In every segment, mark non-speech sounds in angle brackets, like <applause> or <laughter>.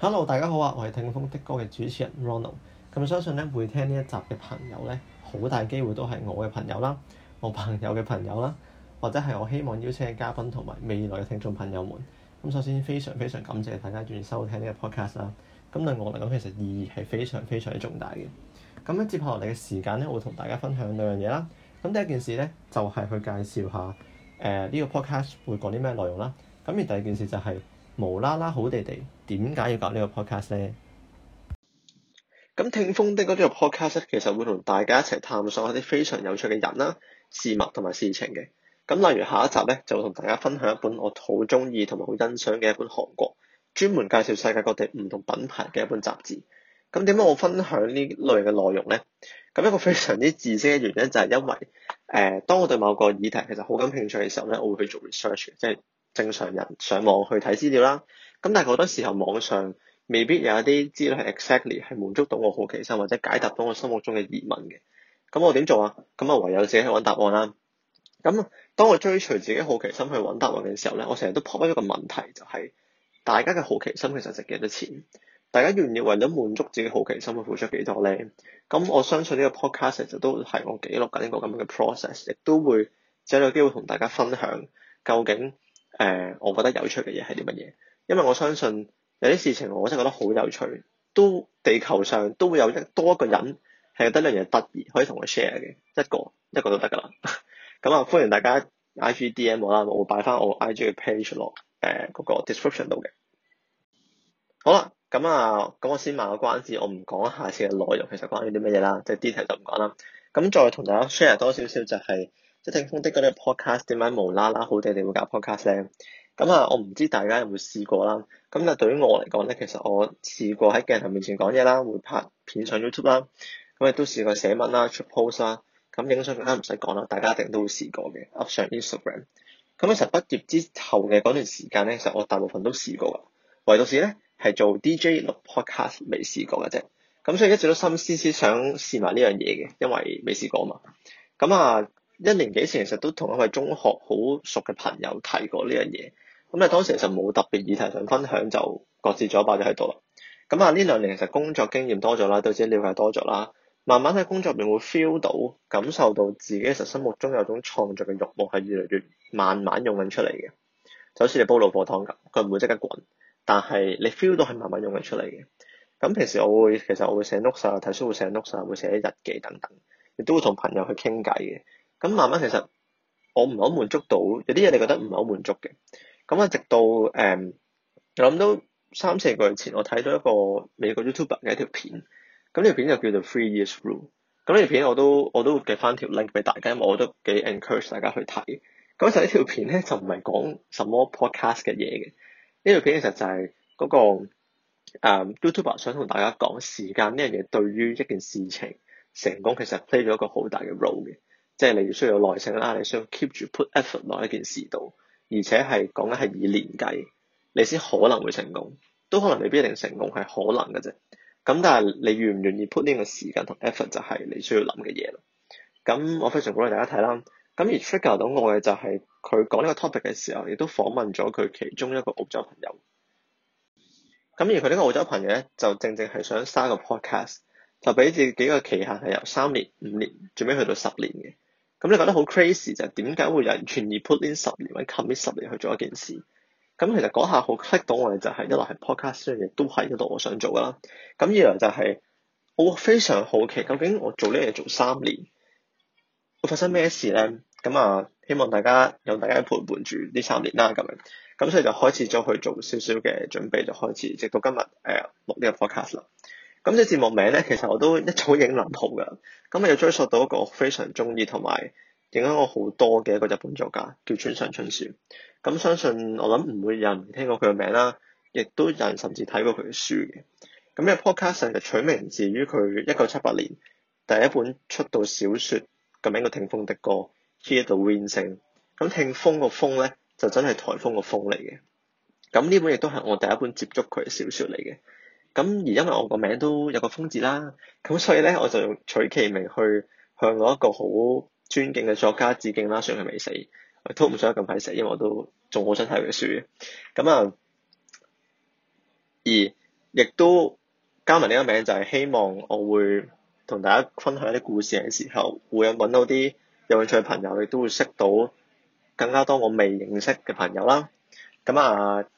Hello 大家好啊！我係聽風的歌嘅主持人 Ronald。咁、嗯、相信咧會聽呢一集嘅朋友咧，好大機會都係我嘅朋友啦，我朋友嘅朋友啦，或者係我希望邀請嘅嘉賓同埋未來嘅聽眾朋友們。咁、嗯、首先非常非常感謝大家願意收聽呢個 podcast 啦。咁對我嚟講其實意義係非常非常之重大嘅。咁、嗯、接下落嚟嘅時間咧，我會同大家分享兩樣嘢啦。咁、嗯、第一件事咧就係、是、去介紹下誒呢、呃這個 podcast 會講啲咩內容啦。咁、嗯、而第二件事就係、是。無啦啦好地地，點解要搞呢個 podcast 咧？咁聽風的嗰啲 podcast 其實會同大家一齊探索一啲非常有趣嘅人啦、事物同埋事情嘅。咁例如下一集咧，就會同大家分享一本我好中意同埋好欣賞嘅一本韓國，專門介紹世界各地唔同品牌嘅一本雜誌。咁點解我分享呢類嘅內容呢？咁一個非常之自私嘅原因就係、是、因為誒、呃，當我對某個議題其實好感興趣嘅時候咧，我會去做 research 即係。正常人上網去睇資料啦，咁但係好多時候網上未必有一啲資料係 exactly 係滿足到我好奇心，或者解答到我心目中嘅疑問嘅。咁我點做啊？咁啊，唯有自己去揾答案啦。咁當我追隨自己好奇心去揾答案嘅時候咧，我成日都破開一個問題，就係、是、大家嘅好奇心其實值幾多錢？大家要唔要為咗滿足自己好奇心去付出幾多咧？咁我相信呢個 Podcast 其實都係我記錄緊一個咁樣嘅 process，亦都會有機會同大家分享究竟。誒、嗯，我覺得有趣嘅嘢係啲乜嘢？因為我相信有啲事情我真係覺得好有趣，都地球上都會有一多一個人係得兩樣嘢得意，可以同我 share 嘅一個一個都得㗎啦。咁 <laughs> 啊、嗯，歡迎大家 I G D M 我啦，我會擺翻我 I G 嘅 page 落誒嗰個 description 度嘅。好啦，咁、嗯、啊，咁、嗯嗯、我先賣個關子，我唔講下次嘅內容，其實關於啲乜嘢啦，即係 detail 就唔講啦。咁、嗯、再同大家 share 多少少就係、是。即係聽風的嗰啲 podcast，點解無啦啦好哋哋會搞 podcast 咧？咁啊，我唔知大家有冇試過啦。咁啊，對於我嚟講咧，其實我試過喺鏡頭面前講嘢啦，會拍片上 YouTube 啦。咁亦都試過寫文啦、出 post 啦。咁影相更加唔使講啦，大家一定都會試過嘅，up 上 Instagram。咁其實畢業之後嘅嗰段時間咧，其實我大部分都試過噶，唯獨是咧係做 DJ 錄 podcast 未試過嘅啫。咁所以一直都心思思想試埋呢樣嘢嘅，因為未試過啊嘛。咁啊～一年幾前其實都同一位中學好熟嘅朋友提過呢樣嘢，咁啊，當時其實冇特別議題想分享，就各自咗擺就喺度啦。咁啊，呢兩年其實工作經驗多咗啦，對自己了解多咗啦，慢慢喺工作入面會 feel 到感受到自己其實心目中有種創作嘅慾望係越嚟越慢慢湧緊出嚟嘅。就好似你煲老火湯咁，佢唔會即刻滾，但係你 feel 到係慢慢湧緊出嚟嘅。咁平時我會其實我會寫 note 啊，睇書會寫 note 啊，會寫啲日記等等，亦都會同朋友去傾偈嘅。咁慢慢其實我唔係好滿足到有啲嘢，你覺得唔係好滿足嘅。咁啊，直到誒諗、嗯、到三四個月前，我睇咗一個美國 YouTuber 嘅一條片，咁呢條片就叫做、The、Three Years Rule 咁呢條片我都我都會寄翻條 link 俾大家，因為我都幾 encourage 大家去睇。講實呢條片咧，就唔係講什麼 podcast 嘅嘢嘅。呢條片其實就係嗰、那個、嗯、YouTuber 想同大家講時間呢樣嘢，對於一件事情成功其實 play 咗一個好大嘅 role 嘅。即係你需要有耐性啦，你需要 keep 住 put effort 落呢件事度，而且係講緊係以年計，你先可能會成功，都可能未必一定成功，係可能嘅啫。咁但係你願唔願意 put 呢個時間同 effort 就係你需要諗嘅嘢啦。咁我非常鼓勵大家睇啦。咁而 trigger 到我嘅就係、是、佢講呢個 topic 嘅時候，亦都訪問咗佢其中一個澳洲朋友。咁而佢呢個澳洲朋友咧，就正正係想 start 個 podcast，就俾自己嘅期限係由三年、五年，最尾去到十年嘅。咁你覺得好 crazy 就係點解會有人願意 put in 十年或者 commit 十年去做一件事？咁其實嗰下好 click 到我哋、就是，就係一來係 podcast 呢樣嘢都係一度我想做啦，咁二來就係、是、我非常好奇究竟我做呢樣嘢做三年會發生咩事咧？咁啊，希望大家有大家陪伴住呢三年啦，咁樣咁所以就開始咗去做少少嘅準備，就開始直到今日誒、呃、錄呢個 podcast 啦。咁啲節目名咧，其實我都一早已經諗好嘅。咁又追溯到一個非常中意同埋影響我好多嘅一個日本作家，叫村上春樹。咁相信我諗唔會有人聽過佢嘅名啦，亦都有人甚至睇過佢嘅書嘅。咁呢個 podcast 就取名自於佢一九七八年第一本出道小説個名叫《聽風的歌》，Hear the Wind Sing。咁聽風個風咧，就真係颱風個風嚟嘅。咁呢本亦都係我第一本接觸佢嘅小説嚟嘅。咁而因為我個名都有個風字啦，咁所以咧我就取其名去向我一個好尊敬嘅作家致敬啦，雖然佢未死，我都唔想咁快死，因為我都仲好想睇佢嘅書。咁啊，而亦都加埋呢個名就係希望我會同大家分享啲故事嘅時候，會有揾到啲有興趣嘅朋友，亦都會識到更加多我未認識嘅朋友啦。咁啊～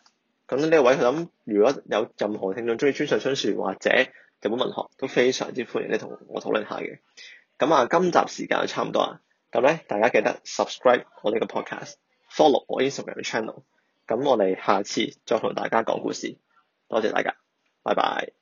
咁呢位佢諗，如果有任何聽眾中意村上春樹或者日本文學，都非常之歡迎你同我討論下嘅。咁啊，今集時間就差唔多啦，咁咧大家記得 subscribe 我呢個 podcast，follow 我 Instagram 嘅 channel。咁我哋下次再同大家講故事，多謝大家，拜拜。